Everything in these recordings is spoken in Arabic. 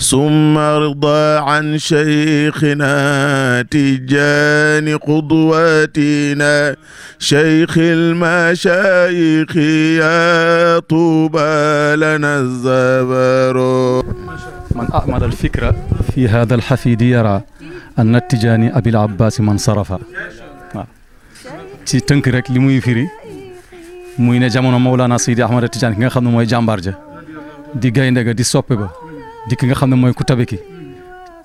ثم ارضى عن شيخنا تجان قدوتنا شيخ المشايخ يا طوبى لنا الزبر من أعمل الفكرة في هذا الحفيد يرى أن التجاني أبي العباس من صرف تنكرك tënk rek li muy مولانا سيدي أحمد التجاني Mawlana Seydi Ahmad Tijaan ki nga دي سوبي dikk ki nga xam ne mooy ku tabe ki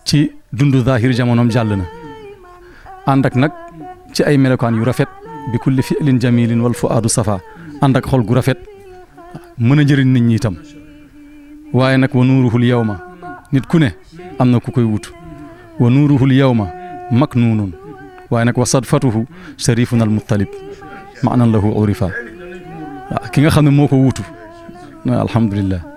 ci dundu zahir jamonoom jàll na ànd ak nag ci ay melokaan yu rafet bi kulli fi'lin jamilin wal fuaadu safa ànd ak xol gu rafet mën a jëriñ nit ñi itam waaye nag wa nuuruhul yawma nit ku ne am na ku koy wut wa nuuruhul yawma maknuunun waaye nag wa sadfatuhu sharifun al muttalib maanan lahu urifa waaw ki nga xam ne moo ko wutu alhamdulillah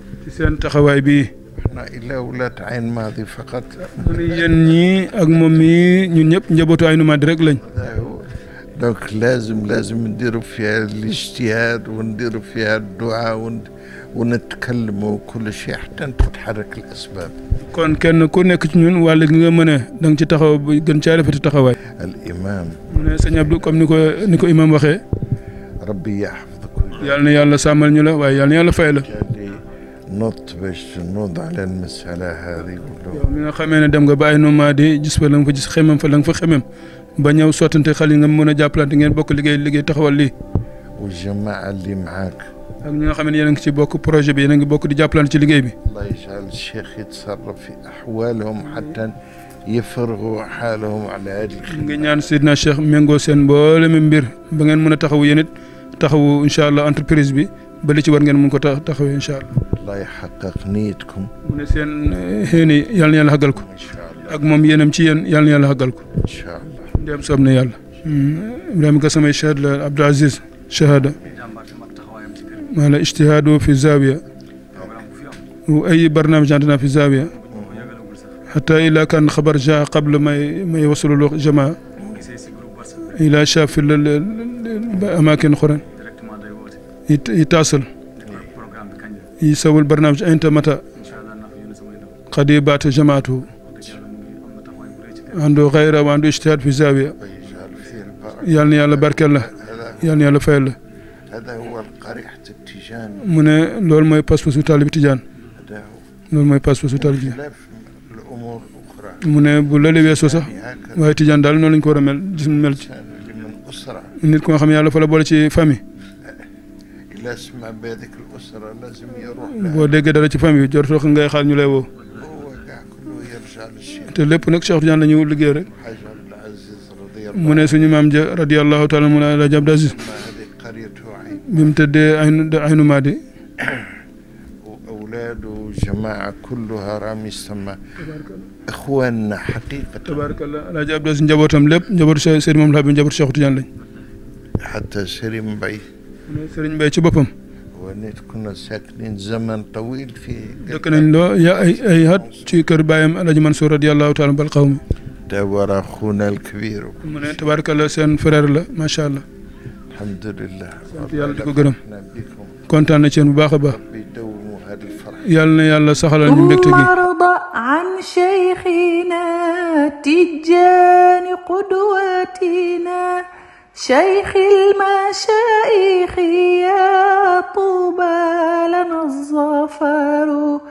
سين تخواي بي حنا الا ولات عين ماضي فقط دنيين ني اك مامي ني نيب نجبوتو عين ماضي رك لاني دونك لازم لازم نديروا فيها الاجتهاد ونديروا فيها الدعاء وند... ونتكلموا كل شيء حتى تتحرك الاسباب كون كان كون نيك سي نون ولا كيغا مانا دونك تي تخاو غن تي عرفت تخاواي الامام من سيني عبد كوم نيكو نيكو امام واخي ربي يحفظكم يالنا يالنا سامل نيو لا واي يالنا يالنا فاي نط باش نوض على المسألة هذه كلها. من دم قبائل نومادي جس فلان والجماعة اللي معاك. الله يجعل الشيخ يتصرف في أحوالهم حتى يفرغوا حالهم على هذه الخدمة. ان شاء الله انتربريز بي بلي تي وان مونكو تخوي ان شاء الله. الله يحقق نيتكم ونسين هيني يلني يلا هقلكم ان شاء الله اقمم ينم تي يلني يلا هقلكم ان شاء الله ديم سبنا يلا ابراهيم قسم يشهد لعبد العزيز شهاده ما لا اجتهاد في زاويه واي برنامج عندنا في زاويه حتى الى كان خبر جاء قبل ما ما له الجماعه الى شاف في الاماكن اخرى يتصل يسوي البرنامج أنت متى قديبات جماعته عنده غيره وعنده اجتهاد في زاوية يعني يا بارك الله يعني يلا فعل الله هذا هو قريحة التيجان من لول ما يباس بس تيجان بتجان لول ما يباسوس طالب تيجان الأمور الأخرى من بولا لي بيسو صح يعني واي تيجان دال نو لنج كو رمل جسم مل من الأسرة نيت كو خم يالا فلا بولا سي فامي لازم بهذيك الاسره لازم يروح بو ديغ دارا سي فامي جورتو خاي خال ني لاي وو te lépp nag Cheikh Tidiane la ñuy liggéey rek mu ne suñu maam ja radiyallahu taala mu ne Alaaji هذه قريته عين mu tëddee aynu أولاد وجماعة كلها رامي السماء إخواننا حقيقة تبارك الله لا عبد العزيز نجابوتهم لب نجابوت سيد مملحة بن نجابوت شيخ حتى سيري مبعي سيرن بي سي ونيت كنا ساكنين زمن طويل في لكن يا اي اي هات شي كربايم الله رضي الله تعالى بالقوم دوار اخونا الكبير تبارك الله سن فرير ما شاء الله الحمد لله سنت يالا ديكو عن شيخنا تجاني قدوتنا شيخ المشايخ يا طوبى لنا الظفر